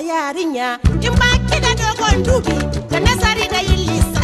yarinya in baki da dogon dubi da nazari da yin lisa